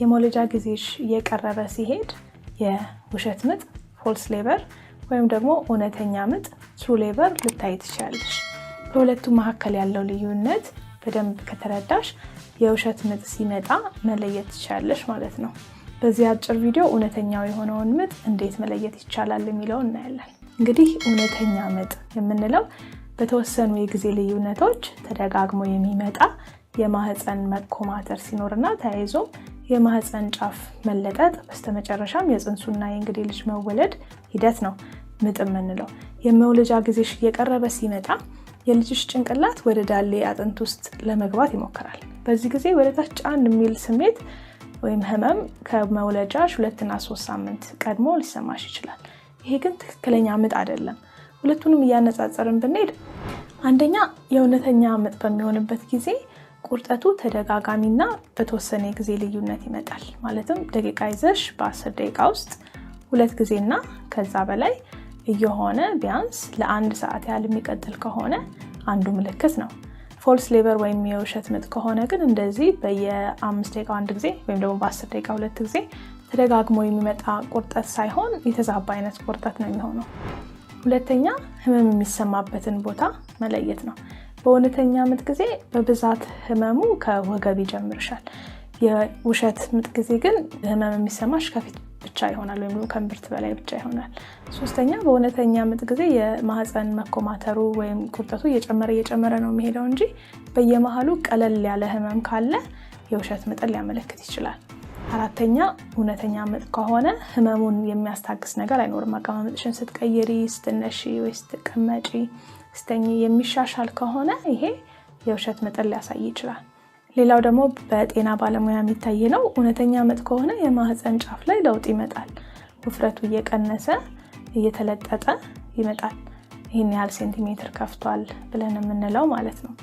የመውለጃ ጊዜሽ እየቀረበ ሲሄድ የውሸት ምጥ ፎልስ ሌበር ወይም ደግሞ እውነተኛ ምጥ ትሩ ሌበር ልታይ ትችላለሽ። በሁለቱ መካከል ያለው ልዩነት በደንብ ከተረዳሽ የውሸት ምጥ ሲመጣ መለየት ትችላለሽ ማለት ነው። በዚህ አጭር ቪዲዮ እውነተኛው የሆነውን ምጥ እንዴት መለየት ይቻላል የሚለው እናያለን። እንግዲህ እውነተኛ ምጥ የምንለው በተወሰኑ የጊዜ ልዩነቶች ተደጋግሞ የሚመጣ የማህፀን መኮማተር ሲኖርና ተያይዞም የማህፀን ጫፍ መለጠጥ፣ በስተመጨረሻም የፅንሱና የእንግዴ ልጅ መወለድ ሂደት ነው ምጥ የምንለው። የመውለጃ ጊዜሽ እየቀረበ ሲመጣ የልጅሽ ጭንቅላት ወደ ዳሌ አጥንት ውስጥ ለመግባት ይሞክራል። በዚህ ጊዜ ወደ ታች ጫን የሚል ስሜት ወይም ህመም ከመውለጃሽ ሁለትና ሶስት ሳምንት ቀድሞ ሊሰማሽ ይችላል። ይሄ ግን ትክክለኛ ምጥ አይደለም። ሁለቱንም እያነጻጸርን ብንሄድ አንደኛ የእውነተኛ ምጥ በሚሆንበት ጊዜ ቁርጠቱ ተደጋጋሚና በተወሰነ ጊዜ ልዩነት ይመጣል። ማለትም ደቂቃ ይዘሽ በ10 ደቂቃ ውስጥ ሁለት ጊዜና ከዛ በላይ እየሆነ ቢያንስ ለአንድ ሰዓት ያህል የሚቀጥል ከሆነ አንዱ ምልክት ነው። ፎልስ ሌበር ወይም የውሸት ምጥ ከሆነ ግን እንደዚህ በየአምስት ደቂቃ አንድ ጊዜ ወይም ደግሞ በአስር ደቂቃ ሁለት ጊዜ ተደጋግሞ የሚመጣ ቁርጠት ሳይሆን የተዛባ አይነት ቁርጠት ነው የሚሆነው። ሁለተኛ ህመም የሚሰማበትን ቦታ መለየት ነው። በእውነተኛ ምጥ ጊዜ በብዛት ህመሙ ከወገብ ይጀምርሻል። የውሸት ምጥ ጊዜ ግን ህመም የሚሰማሽ ከፊት ብቻ ይሆናል፣ ወይም ከእምብርት በላይ ብቻ ይሆናል። ሶስተኛ በእውነተኛ ምጥ ጊዜ የማህፀን መኮማተሩ ወይም ቁርጠቱ እየጨመረ እየጨመረ ነው የሚሄደው እንጂ በየመሃሉ ቀለል ያለ ህመም ካለ የውሸት ምጥን ሊያመለክት ይችላል። አራተኛ እውነተኛ ምጥ ከሆነ ህመሙን የሚያስታግስ ነገር አይኖርም። አቀማመጥሽን ስትቀይሪ፣ ስትነሺ ወይ ስትቀመጪ፣ ስተኝ የሚሻሻል ከሆነ ይሄ የውሸት ምጥን ሊያሳይ ይችላል። ሌላው ደግሞ በጤና ባለሙያ የሚታይ ነው። እውነተኛ ምጥ ከሆነ የማህፀን ጫፍ ላይ ለውጥ ይመጣል። ውፍረቱ እየቀነሰ እየተለጠጠ ይመጣል። ይህን ያህል ሴንቲሜትር ከፍቷል ብለን የምንለው ማለት ነው።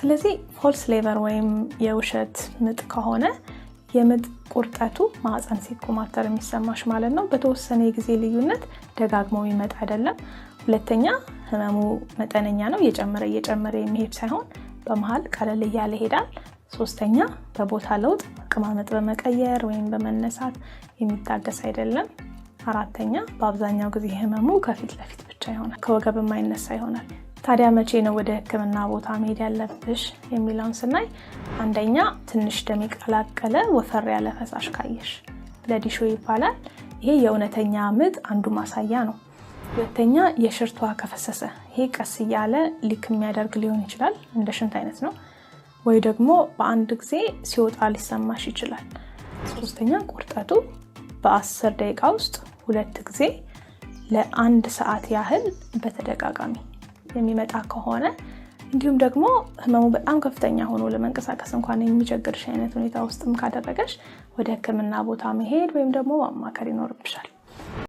ስለዚህ ፎልስ ሌቨር ወይም የውሸት ምጥ ከሆነ የምጥ ቁርጠቱ ማህፀን ሲኮማተር የሚሰማሽ ማለት ነው። በተወሰነ የጊዜ ልዩነት ደጋግሞ የሚመጥ አይደለም። ሁለተኛ ህመሙ መጠነኛ ነው፣ እየጨመረ እየጨመረ የሚሄድ ሳይሆን በመሀል ቀለል እያለ ይሄዳል። ሶስተኛ በቦታ ለውጥ አቀማመጥ በመቀየር ወይም በመነሳት የሚታገስ አይደለም። አራተኛ በአብዛኛው ጊዜ ህመሙ ከፊት ለፊት ብቻ ይሆናል፣ ከወገብ የማይነሳ ይሆናል። ታዲያ መቼ ነው ወደ ህክምና ቦታ መሄድ ያለብሽ የሚለውን ስናይ፣ አንደኛ ትንሽ ደም የቀላቀለ ወፈር ያለ ፈሳሽ ካየሽ ለዲሾ ይባላል። ይሄ የእውነተኛ ምጥ አንዱ ማሳያ ነው። ሁለተኛ የሽርቷ ከፈሰሰ፣ ይሄ ቀስ እያለ ሊክ የሚያደርግ ሊሆን ይችላል፣ እንደ ሽንት አይነት ነው። ወይ ደግሞ በአንድ ጊዜ ሲወጣ ሊሰማሽ ይችላል። ሶስተኛ ቁርጠቱ በአስር ደቂቃ ውስጥ ሁለት ጊዜ ለአንድ ሰዓት ያህል በተደጋጋሚ የሚመጣ ከሆነ እንዲሁም ደግሞ ህመሙ በጣም ከፍተኛ ሆኖ ለመንቀሳቀስ እንኳን የሚቸግርሽ አይነት ሁኔታ ውስጥም ካደረገሽ ወደ ህክምና ቦታ መሄድ ወይም ደግሞ ማማከር ይኖርብሻል።